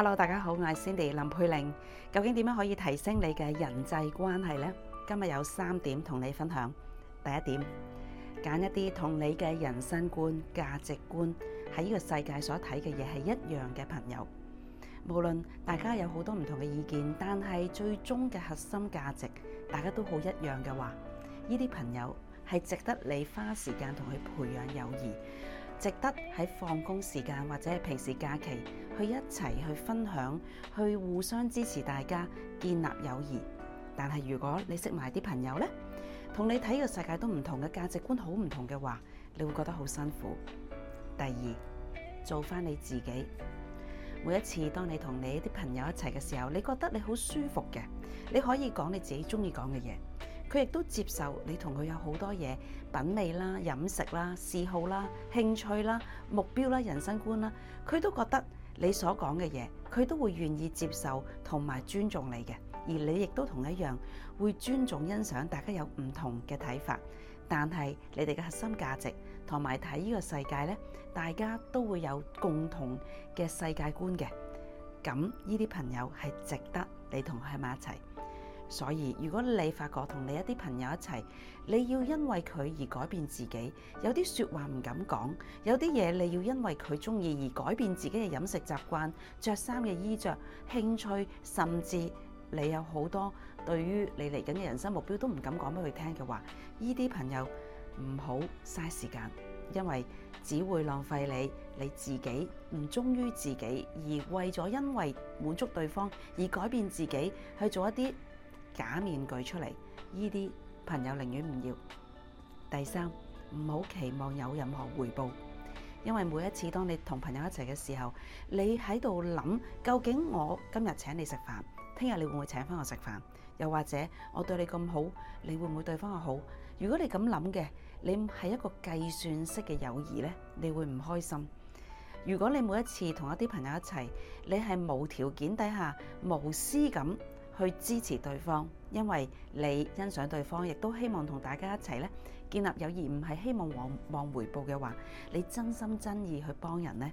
Hello，大家好，我係 Cindy 林佩玲。究竟點樣可以提升你嘅人際關係呢？今日有三點同你分享。第一點，揀一啲同你嘅人生觀、價值觀喺呢個世界所睇嘅嘢係一樣嘅朋友。無論大家有好多唔同嘅意見，但係最終嘅核心價值大家都好一樣嘅話，呢啲朋友係值得你花時間同佢培養友誼，值得喺放工時間或者係平時假期。去一齊去分享，去互相支持，大家建立友誼。但係如果你識埋啲朋友咧，同你睇個世界都唔同嘅、價值觀好唔同嘅話，你會覺得好辛苦。第二，做返你自己。每一次當你同你啲朋友一齊嘅時候，你覺得你好舒服嘅，你可以講你自己中意講嘅嘢。佢亦都接受你同佢有好多嘢，品味啦、飲食啦、嗜好啦、興趣啦、目標啦、人生觀啦，佢都覺得你所講嘅嘢，佢都會願意接受同埋尊重你嘅。而你亦都同一樣會尊重欣賞大家有唔同嘅睇法，但係你哋嘅核心價值同埋睇呢個世界咧，大家都會有共同嘅世界觀嘅。咁呢啲朋友係值得你同佢喺埋一齊。所以，如果你發覺同你一啲朋友一齊，你要因為佢而改變自己，有啲説話唔敢講，有啲嘢你要因為佢中意而改變自己嘅飲食習慣、着衫嘅衣着、興趣，甚至你有好多對於你嚟緊嘅人生目標都唔敢講俾佢聽嘅話，依啲朋友唔好嘥時間，因為只會浪費你你自己唔忠於自己，而為咗因為滿足對方而改變自己去做一啲。假面具出嚟，依啲朋友寧願唔要。第三，唔好期望有任何回報，因為每一次當你同朋友一齊嘅時候，你喺度諗究竟我今日請你食飯，聽日你會唔會請翻我食飯，又或者我對你咁好，你會唔會對翻我好？如果你咁諗嘅，你係一個計算式嘅友誼咧，你會唔開心？如果你每一次同一啲朋友一齊，你係無條件底下無私咁。去支持對方，因為你欣賞對方，亦都希望同大家一齊咧建立友誼，唔係希望往往回報嘅話，你真心真意去幫人咧，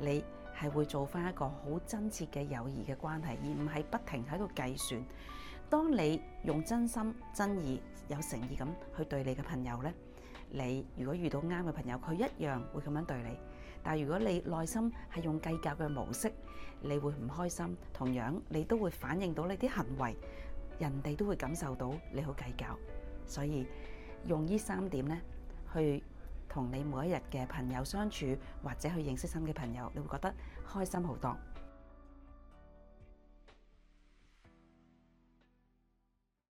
你係會做翻一個好真切嘅友誼嘅關係，而唔係不停喺度計算。當你用真心真意、有誠意咁去對你嘅朋友咧。你如果遇到啱嘅朋友，佢一樣會咁樣對你。但係如果你內心係用計較嘅模式，你會唔開心。同樣你都會反映到你啲行為，人哋都會感受到你好計較。所以用呢三點咧，去同你每一日嘅朋友相處，或者去認識新嘅朋友，你會覺得開心好多。